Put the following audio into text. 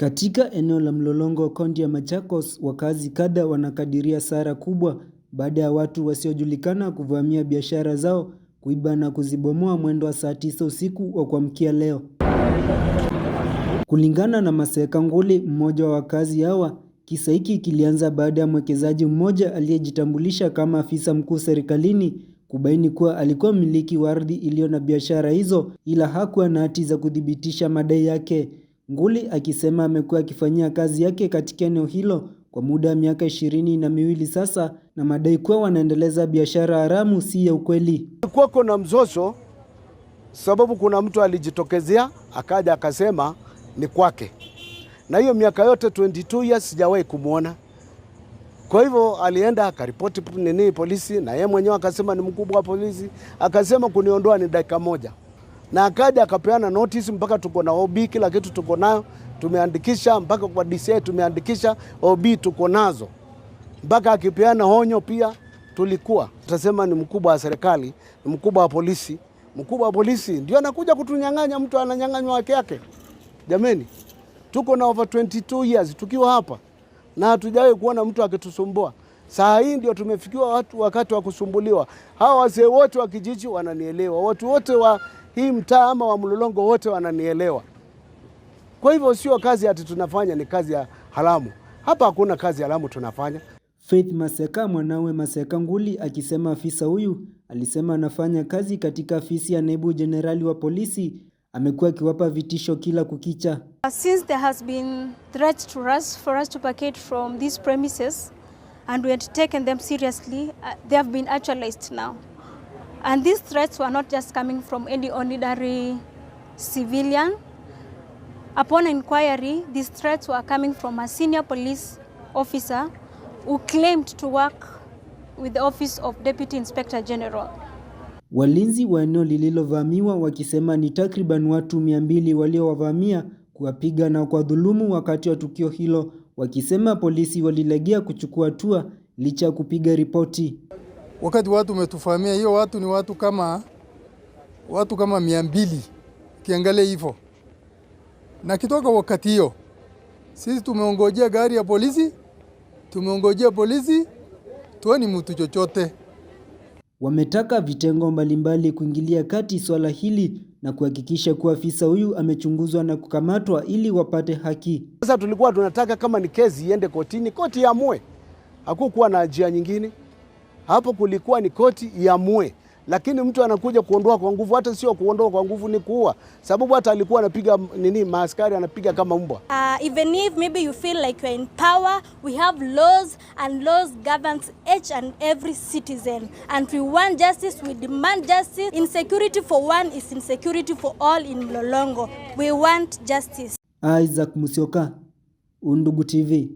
Katika eneo la Mlolongo, kaunti ya Machakos, wakazi kadha wanakadiria hasara kubwa baada ya watu wasiojulikana kuvamia biashara zao, kuiba na kuzibomoa mwendo wa saa tisa usiku wa kuamkia leo. Kulingana na Maseka Nguli, mmoja wa wakazi hawa, kisa hiki kilianza baada ya mwekezaji mmoja aliyejitambulisha kama afisa mkuu serikalini kubaini kuwa alikuwa mmiliki wa ardhi iliyo na biashara hizo, ila hakuwa na hati za kuthibitisha madai yake. Nguli akisema amekuwa akifanyia kazi yake katika eneo hilo kwa muda wa miaka ishirini na miwili sasa, na madai kuwa wanaendeleza biashara haramu si ya ukweli. Kulikuwa kuna mzozo sababu kuna mtu alijitokezea akaja akasema ni kwake, na hiyo miaka yote 22 years sijawahi kumwona. Kwa hivyo alienda akaripoti nini polisi, na yeye mwenyewe akasema ni mkubwa wa polisi, akasema kuniondoa ni dakika moja na akaja akapeana notice mpaka tuko na OB, kila kitu tuko nayo, tumeandikisha mpaka kwa DCI tumeandikisha, OB tuko nazo, mpaka akipeana honyo pia tulikuwa tutasema ni mkubwa wa serikali, ni mkubwa wa polisi. Mkubwa wa polisi ndio anakuja kutunyang'anya, mtu ananyang'anywa wake yake. Jameni, tuko na over 22 years tukiwa hapa na hatujawahi kuona mtu akitusumbua. Saa hii ndio tumefikiwa watu wakati wa kusumbuliwa. Hawa wazee wote wa kijiji wananielewa, watu wote wa hii mtaa ama wa Mlolongo wote wananielewa. Kwa hivyo sio kazi ati tunafanya ni kazi ya haramu. Hapa hakuna kazi haramu tunafanya. Faith Maseka mwanawe Maseka Nguli akisema afisa huyu alisema anafanya kazi katika afisi ya naibu jenerali wa polisi amekuwa akiwapa vitisho kila kukicha. Since there has been threats to us for us to vacate from these premises and we had taken them seriously, uh, they have been actualized now. And these threats were not just coming from any ordinary civilian. Upon inquiry, these threats were coming from a senior police officer who claimed to work with the office of Deputy Inspector General. Walinzi wa eneo lililovamiwa wakisema ni takriban watu 200 waliowavamia kuwapiga na kuwadhulumu wakati wa tukio hilo, wakisema polisi walilegea kuchukua hatua licha ya kupiga ripoti wakati watu umetufahamia, hiyo watu ni watu kama watu kama mia mbili kiangalia hivyo, na kitoka wakati hiyo sisi tumeongojea gari ya polisi, tumeongojea polisi, tuoni mtu chochote. Wametaka vitengo mbalimbali kuingilia kati swala hili na kuhakikisha kuwa afisa huyu amechunguzwa na kukamatwa ili wapate haki. Sasa tulikuwa tunataka kama ni kesi iende kotini, koti iamue, hakukuwa na njia nyingine. Hapo kulikuwa ni koti iamue, lakini mtu anakuja kuondoa kwa nguvu. Hata sio kuondoa kwa nguvu, ni kuua, sababu hata alikuwa anapiga nini, maaskari anapiga kama mbwa. Uh, even if maybe you feel like you're in power, we have laws and laws governs each and every citizen and we want justice, we demand justice. Insecurity for one is insecurity for all in Mlolongo. We want justice. Isaac Musioka, Undugu TV.